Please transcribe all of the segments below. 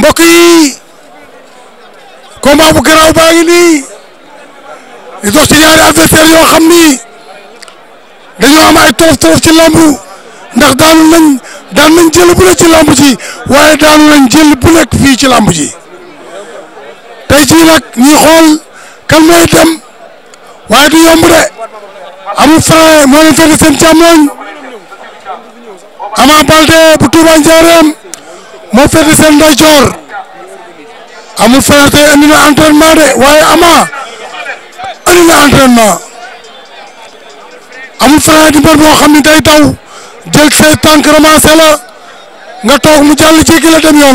mbokk yi combat bu garaaw baa ngi nii di dox ci ñaari adversaire yoo xam ni dañoo am ay tolof tolof ci lambu ndax daanu nañ daan nañ jël bu nekk ci lamb ji waaye daanu nañ jël bu fii ci lamb ji tey jii nag xool kan dem waaye du yomb de amul frein moo leen fekk seen càmmoñ Ama Baldé bu Touba Ndiarème moo féete seen ndeyjoor amul feneen tey andi na entraînement de waaye ama andi na amul feneen di mbër xam ni day daw jël say tànk ramassé nga toog mu jàll ci ki la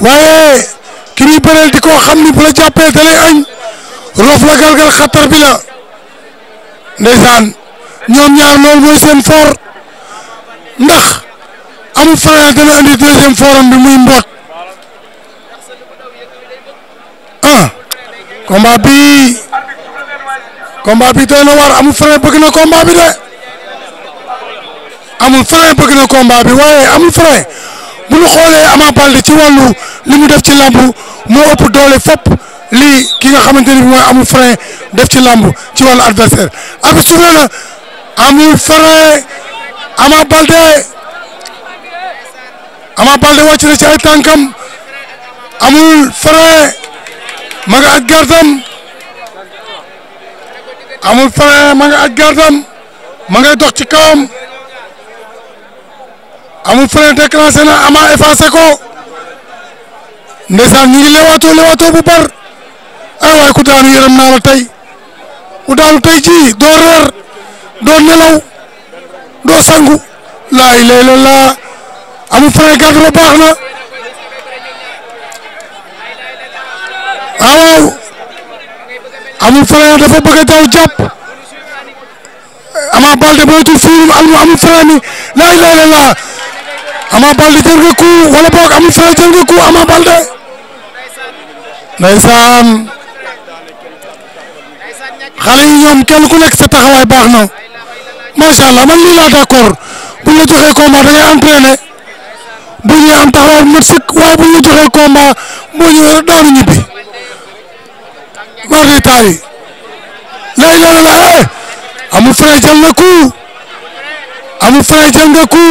waaye ki muy bëreel di ko xam ni bu la jàppee da lay añ roof la galgal xattar bi la ndeysaan ñoom ñaar loolu mooy seen for ndax. amul franc dana andi deuxième forum bi muy mboot ah combat bi combat bi doy amul franc bëgg na combat bi de amul franc bëgg na combat bi waaye amul franc bu ñu xoolee Ama Baldé ci wàllu li mu def ci làmb moo ëpp doole fopp lii ki nga xamante ni mooy amul frein def ci làmb ci wàllu adversaire ak suuf amul frein Ama Baldé Ama Baldé wàcc na ci ay tànkam amul frein ma nga aj gartam amul frein ma nga aj gartam ma ngay dox ci kawam amul frein déclenché na Ama effacé ko ndeysaan ñu ngi lewaatoo lewaatoo bu bar ay ku daanu yërëm naa la tey ku daanu tey jii doo reer doo nelaw doo sangu lay la laa Aliou Touré gàddu baax na waaw Aliou Touré dafa bëgg a daw jàpp Ama Baldé mooy tuut fii Aliou Aliou Touré mi laa ilaaha illallaah Ama Baldé jël nga coup wala ku nekk sa taxawaay baax na macha man lii laa d'accord buñ la joxee combat da bu ñuy am taxawaay bu mat sëkk waaye daanu ñibbi maa ngi taal yi lay la la eh amul frais na ku amul frais jël nga ku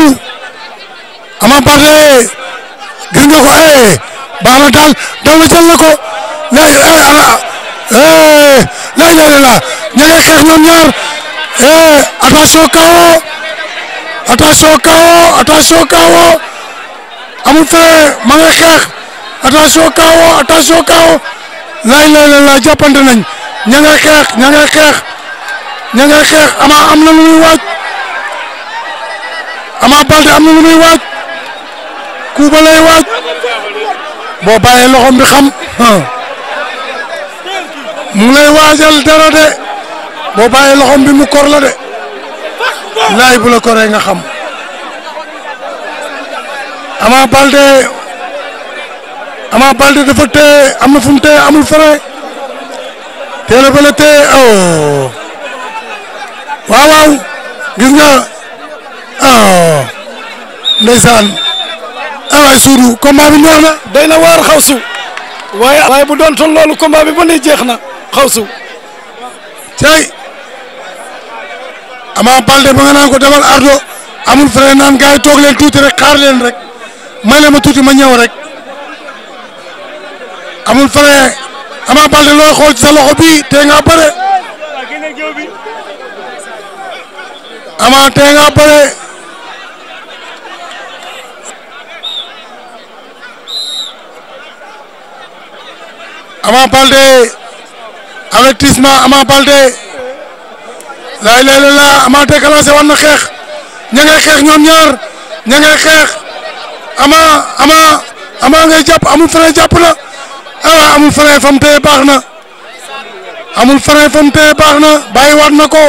ama paré gis nga ko eh baax daal daw na na ko lay eh ala eh lay la la ña ngay xeex ñoom ñaar eh attention kawo attention kawo attention amul frein ma nga xeex attention kawo attention kawo lay lay lay lay jàppante nañ ña nga xeex ña nga xeex ña nga xeex ama am na lu muy waaj ama balde am na lu muy waaj ku waaj boo bàyyee loxom bi xam mu ngi lay waajal dara de boo bàyyee loxom bi mu kor la de laay bu la nga xam Ama Baldé Ama Baldé dafa téye am na fu mu téye amul fere teel a bële téye oh waaw gis nga oh ndeysaan ah suudu combat bi ñor day na waar xawsu waaye. bu doon toll loolu combat bi ba nii jeex na xawsu. tey Ama ba nga naan ko demal ardo amul fere naan gars toog leen tuuti rek xaar leen rek. may leen ma tuuti ma ñëw rek amul frais Ama Baldé looy xool ci sa loxo bii tee nga bëre Ama tee nga bëre Ama Baldé avertissement Ama Baldé laay léeg-léeg laa Ama déclenché war na xeex ña ngay xeex ñoom ñaar ña xeex. ama ama ama ngay jàpp amul frein jàpp na ah amul frein fa mu tee baax na amul frein fa mu tee baax na bàyyiwaat na ko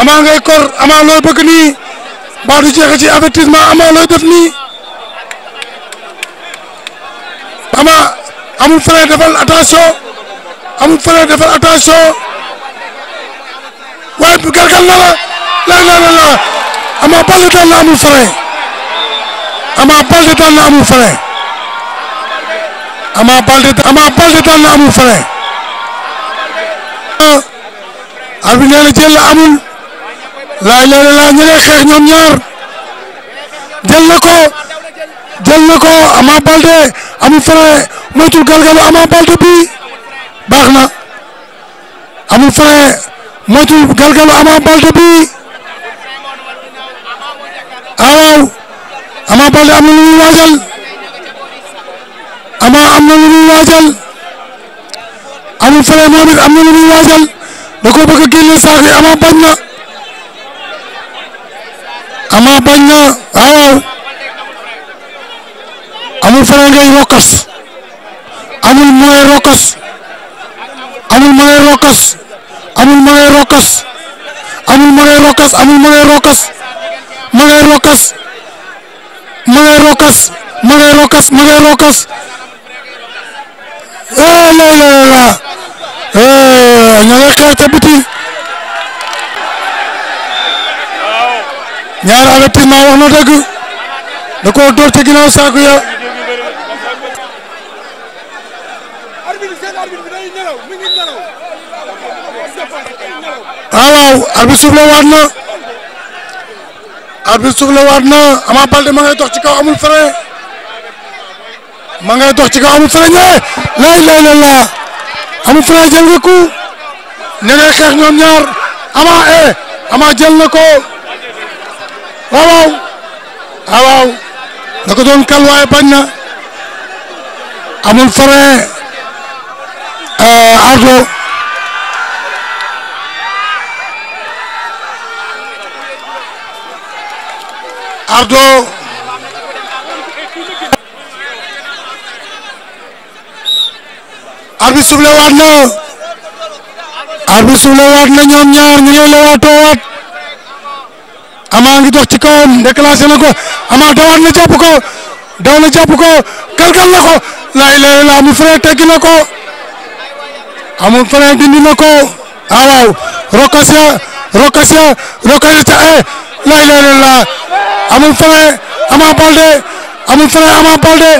ama ngay kor ama looy bëgg nii mbaa du jeexee ci avertissement ama looy def nii ama amul frein defal attention amul frein defal attention waaye gargal na la la la la ama bal daan na amul frein. Ama Baldé daan na amul frein Ama Baldé Ama Baldé daan na amul frein ah, ar bi nee na jël la amul laaj la la ñu lay xeex ñoom ñaar jël na ko jël na ko Ama Baldé amul frein moytul galgalu Ama Baldé bi baax na amul frein moytul galgalu Ama Baldé bi waaw Ama Baldé am na lu muy waajal Ama am na lu muy waajal Alioune Seye moom na lu muy waajal da koo bëgg a génne saako yi Ama bañ na Ama bañ na waaw amul fere ngay rokkas amul mooy rokkas rokkas amul mooy rokkas rokkas amul mooy rokkas rokkas ma ngay rokas ma ngay rokas ma ngay rokas ah eh, la la la ah ña nga xeex ca biti ñaari avertissement wax na dëgg da koo dóor ca ginnaaw saako ya ah waaw arbitre suuf la waat na. arbitre suuf la waat na Ama Baldé ma ngay dox ci kaw amul frein ma ngay dox ci kaw amul frein ñëwee lay lay la la amul frein nga ko ña ngay xeex ñoom ñaar Ama eh Ama jël na ko waaw waaw waaw ko doon kal waaye bañ na amul frein euh, Ardo ardo arbi suble waat na arbi suble na ñoom ñaar ñu ngi lewaatoo waat ama ngi dox ci kawam déclenché na ko ama dawaat na jàpp ko daw na jàpp ko galgal na ko lay lay la amul frein teggi na ko amul frein dindi na ko ah rokas ya rokas ya rokas ya eh, laa ilaaha illallaah amul frein Ama Baldé amul frein Ama Baldé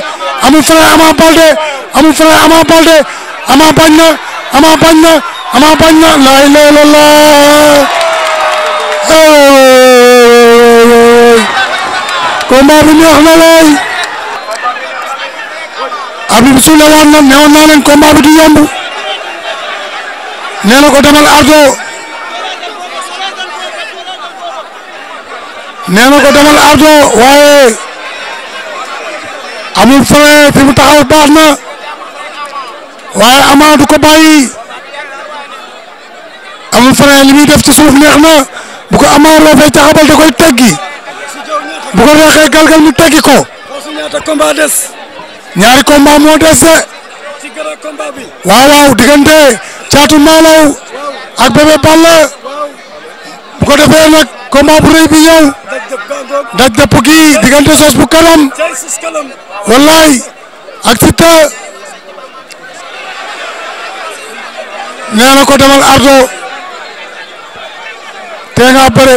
amul frein Ama Baldé amul frein Ama Ama bañ na Ama bañ na Ama bañ na laa ilaaha illallaah combat bi neex na lay Habib Soule waat na newoon naa leen combat bi du yomb nee na ko demal ardo nee na ko demal ardo waaye amul frein fi mu taxaw baax na waaye Ama du ko bàyyi amul frein li muy def ci suuf neex na bu ko Ama roofee caxabal da koy teggi bu ko neexee galgal mu teggi ko. ñaata combat des. ñaari des de. waaw waaw diggante caatu maalaw ak bébé Balla. bu ko defee nag combat bu rëy bi ñëw daj dëpp gi diggante sos bu kalam wallaay ak Siteu nee na ko demal ardo te nga bëre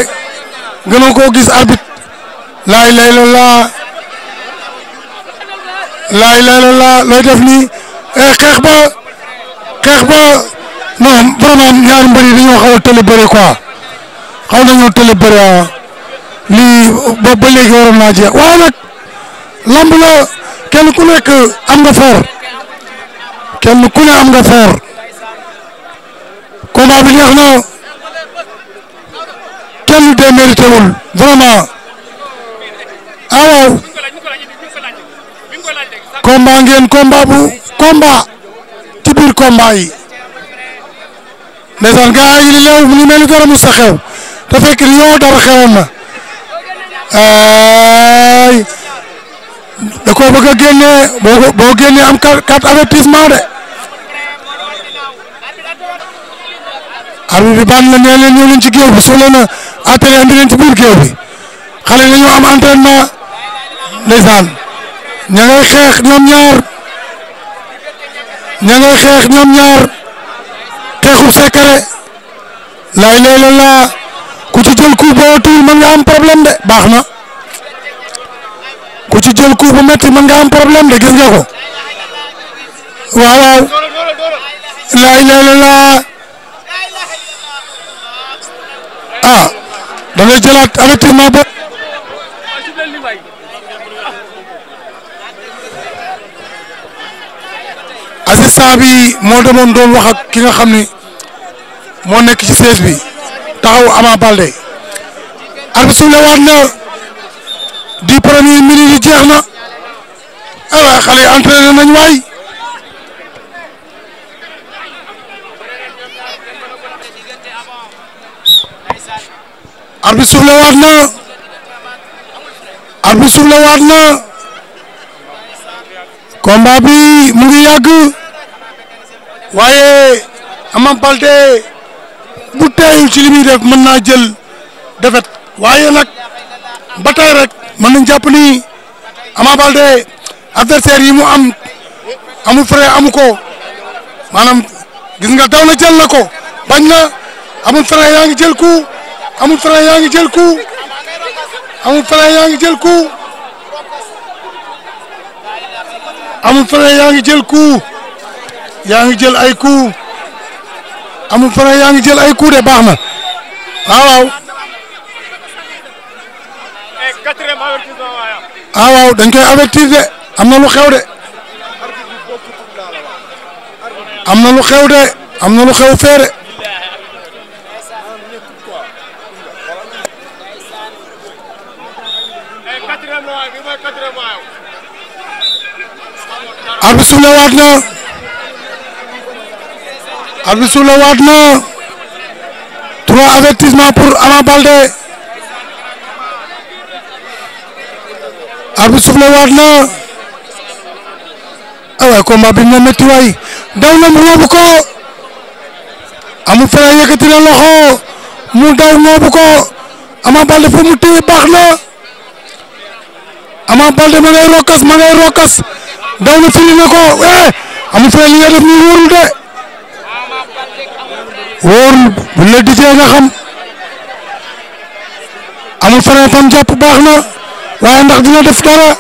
gënoon koo gis arbitre laay lay loola laay lay loola looy def nii eh, xeex ba xeex ba non vraiment ñaari mbër yi dañoo xaw a tële bëre quoi. xaw nañoo télé bëri ah. lii ba ba léegi naa jeex waaye nag lamb kenn ku nekk am nga foor kenn ku ne am nga foor combat bi neex na kenn dee mérité wul vraiment ah, ngeen combat bu combat ci biir combat yi ndeysaan gaa yi li leew mu ngi mel ni dara sa xew te fekk ni yow dara xewoon na ay da koo bëgg a génnee boo boo génnee am carte avertissement de arbitre bi bànn la nee leen ñëw leen ci géew bi soo leen a attelé andi leen ci biir géew bi xale yi dañoo am entraînement ndeysaan ña ngay xeex ñoom ñaar ña ngay xeex ñoom ñaar xeexu secret lay lay la laa kii boo tuul mën nga am problème de baax na ku ci jël ku bu metti mën nga am problème de gis nga ko waaw waaw laa ilaaha illallaah ah da ngay jëlaat avertissement ba assistant bi moo demoon doon wax ki nga xam ni moo nekk ci siège bi taxaw Ama Baldé arbi suuf la waat na di premier minute jeex na ah ay xale yi entraîné nañ waay arbi waat na arbi waat na combat bi mu ngi yàgg waaye Ama Baldé bu teeyul ci li muy def mën naa jël defet waaye nag ba tey rek man nañ jàpp ni Ama Baldé adversaire yi mu am amul frein amu ko maanaam gis nga daw na jël na ko bañ na amul frein yaa ngi jël ku amul frein yaa ngi jël ku amul frein yaa ngi jël ku amul frein yaa ngi jël ku yaa ngi jël ay ku amul frein yaa ngi jël ay ku de baax na waaw ah waaw dañ koy avertir de am na lu xew de am na lu xew de am na lu xew la waat na arbi la waat na trois avertissement pour Ama Baldé arbitre soufflé waat na aywa ah combat bi na métti waay daw na mu ngoobu ko Ama Baldé yëkkati na loxo mu daw ngoobu ko Ama Baldé fa mu téye baax na Ama Baldé ma rokkas ma rokkas daw na firi na ko eh Ama Baldé li def nii wóorul de wóorul buñ la dijee nga xam Ama Baldé fam jàpp baax na. waaye ndax dina def dara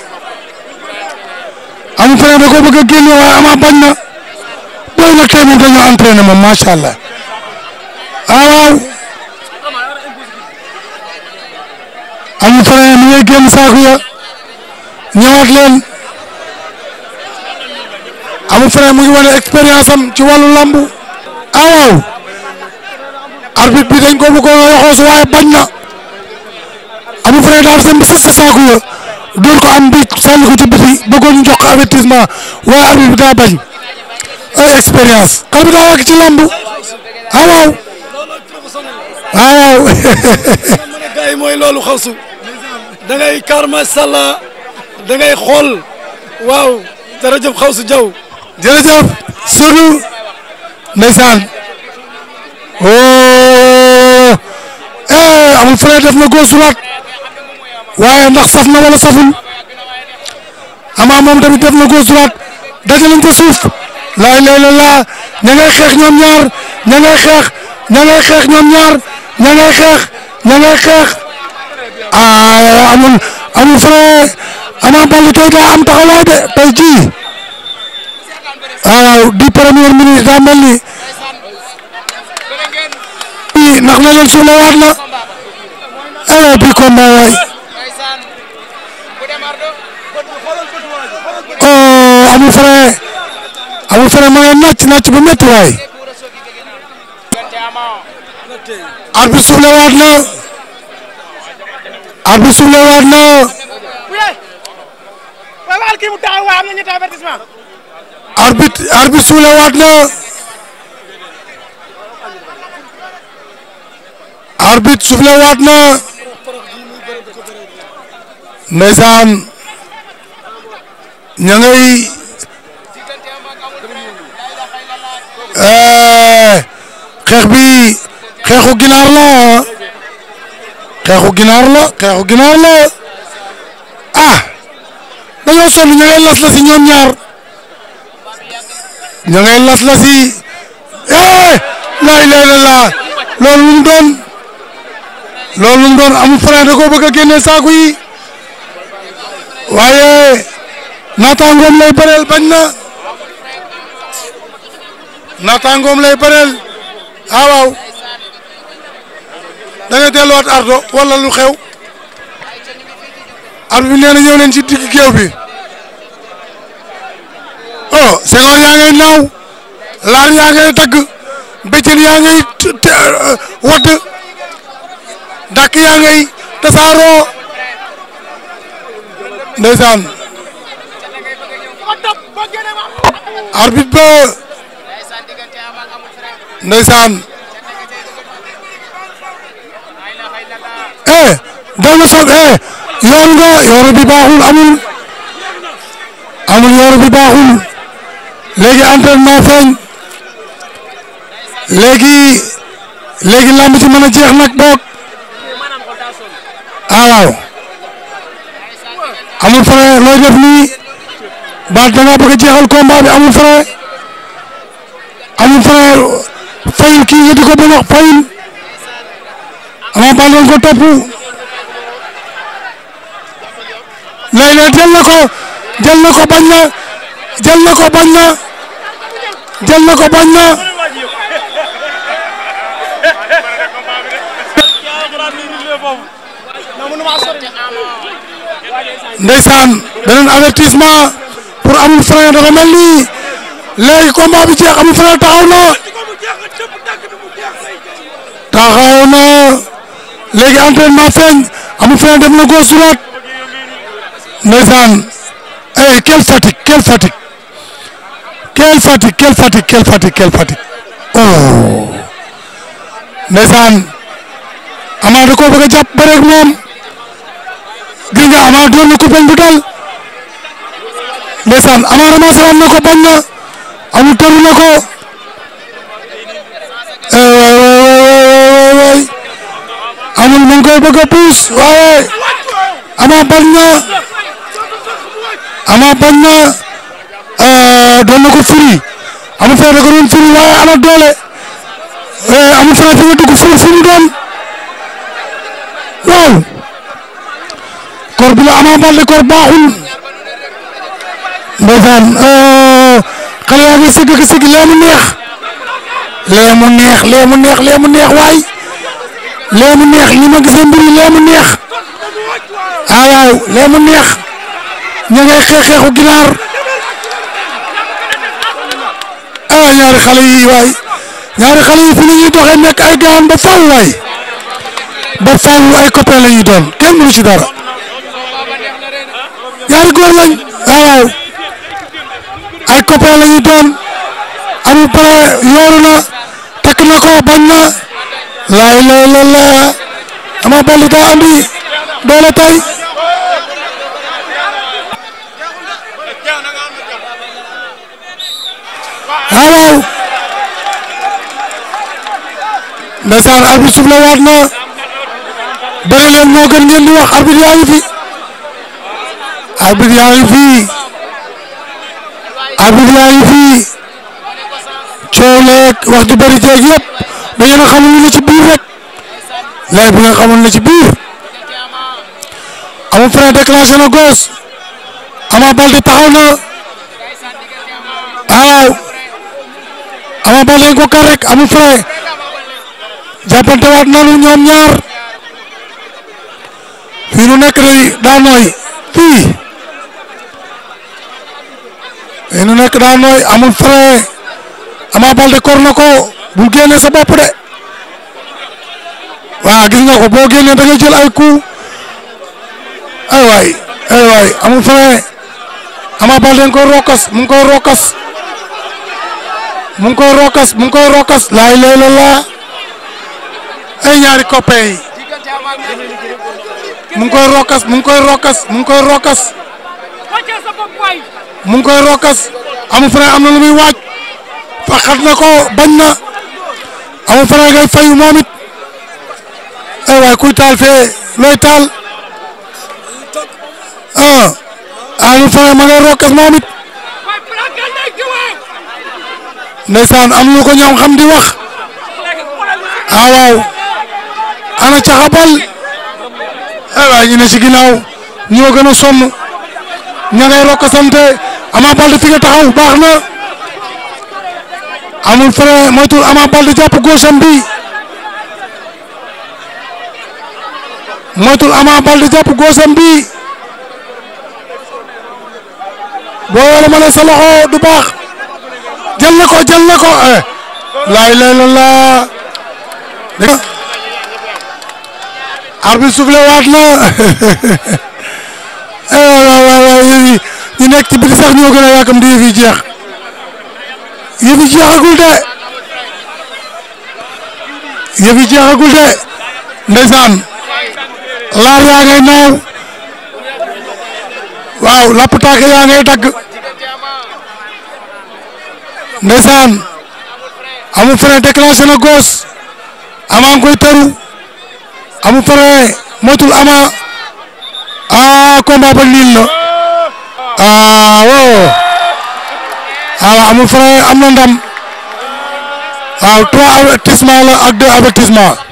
Ama Baldé da ko bëgg a génne waaye Ama bañ na booy nag tey moom dañoo entraîné moom macha allah ah, waaw Ama Baldé mi ngay génn saako ya ñëwaat leen Ama Baldé mu ngi wane expérience ci wàllu lambu. Ah, waaw arbitre bi dañ ko bëggoon a yoxoos waaye bañ na. Abou Fré daal seen bi fukki saako ya doon ko am mbic sànni ko ci biti bëggoon ñu jox ko waaye Habib daa bañ ay bi daa wàcc ci lamb ah waaw ah waaw. gars yi mooy loolu xawsu da ngay kaar macha allah da ngay xool waaw jërëjëf xawsu Diaw. jërëjëf waaye ndax saf na wala saful Ama moom tamit def na gauche droite dajaleñ ko suuf laay lay la laa ña ngay xeex ñoom ñaar ña ngay xeex ña ngay xeex ñoom ñaar ña ngay xeex ña daa am taxawaay de tey jii waaw di premier ministre daa mel ni ndax na leen suuf la waat na eh, bi combat Fere Abou ma ngay nàcc nàcc bu métti waay at bi waat na at bi suuf la waat na arbitre arbitre waat na arbitre suuf Eh, xeex bi xeexu ginaar la xeexu ginaar la xeexu ginaar la ah ñoom ñaar ña ngay las la si eh la ilaha illallah loolu lu mu doon loolu lu doon amul Franc da koo bëgg a génne saako yi waaye naataangoom lay bëreel bañ na. naataangoom lay bëreel ah waaw da ngay delluwaat ardo wala lu xew ar bi nee ñëw leen ci digg géew bi oh Senghor yaa ngay naaw laar yaa ngay dagg bëccëg yaa ngay wadd dàkk yaa ngay tasaaroo ndeysaan arbitre ba ndeysaan eh dama soog eh yoon nga yoon baaxul amul amul yoon baaxul léegi entraînement feeñ léegi léegi lamb ci mën jeex nag boog ah waaw amul frais looy def baat da nga bëgg a jeexal combat bi amul frais amul frais fayul kii yëpp di ko bëgg a fayul Ama Baldé doon ko topp na ko ko bañ ko bañ na jël ko bañ na ndeysaan beneen avertissement pour amul frein dafa mel ni léegi combat bi jeex amul frein taxaw na taxaw na léegi entraînement feeñ amu feeñ def na ko suraat ndeysaan eh quelle fatigue quelle fatigue quelle oh ndeysaan Ama da koo bëgg jàpp ba rek moom gis nga Ama doon na ko bu dal ndeysaan Ama ramassé waat na ko bañ na amul tëru ko. Eh, waay amul mu ngi koy bëgg a waaye ama bañ na ama bañ na euh, doon na ko firi amul fee da ko doole euh, amul fee fi nga dugg fii fi mu doon waaw la ama balde kor baaxul ndeysaan euh, neex lee neex lee neex lee neex waay lee mu neex li ma gisee mbir yi neex ayaaw lee mu neex ña ngay xeex xeexu ginaar ah ñaari xale yi waay ñaari xale yi fi ni ñuy doxee nekk ay gaan ba faw waay ba faw ay copain la doon kenn mënu ci dara ñaari góor lañ ayaaw ay copain la doon amul pare yooru na takk na ko bañ na. laa ilaaha illallaah Ama Baldé daa doole tay waaw ndeysaan arbitre suuf la waat na bëri leen wax arbitre yaa fi arbitre yaa fi arbitre yaa fi coow leeg wax ju bëri jeeg da ngeen a xamul la ci biir rek léegi bu ngeen xamul la ci biir Ama Faldé déclenché na gauche Ama Baldé taxaw na waaw Ama Baldé dañ ko kar rek Ama Faldé jàppante waat nanu ñoom ñaar fii nu nekk day daa nooy nu nekk daa nooy amul frein Ama Baldé kor na ko bul génne sa bopp de waaw gis nga ko boo génne da nga jël ay coup ay waay ay waay amul frein Ama Baldé nga koy rokkas mu ngi koy rokkas mu ngi koy mu ngi koy rokkas laay lay la ay ñaari coppe yi mu ngi koy rokkas mu ngi koy rokkas mu ngi koy ngi koy am na lu muy waaj faxat na ko bañ na awa fara ngay fayu moom it kuy taal fee looy taal ah awa fara ngay rokkas moom it ndeysaan am lu ko xam di wax ah waaw ana caxabal ay waay ñu ne ci ginnaaw ñoo gën a sonn ña ngay rokkasante Ama Baldé fi nga taxaw baax na amul frein moytul Ama Baldé jàpp góosam bi moytul Ama Baldé jàpp góosam bi boo wala ma ne sa du baax jël na ko jël na ko eh. laay lay laa. arbitre soufflé waat na eh waay nekk ci biir sax ñoo gën a yàkkam di jeex. yëfi jeexagul de yëfi jeexagul de ndeysaan laar yaa naaw waaw lapp taake yaa ngay dagg amu frein déclenché na gauche amaa ngi koy tëru amu frein motul ama a ah, combat ba liil na a ah, waaw amul frein am na ndam waaw trois avertissement la ak deux avertissement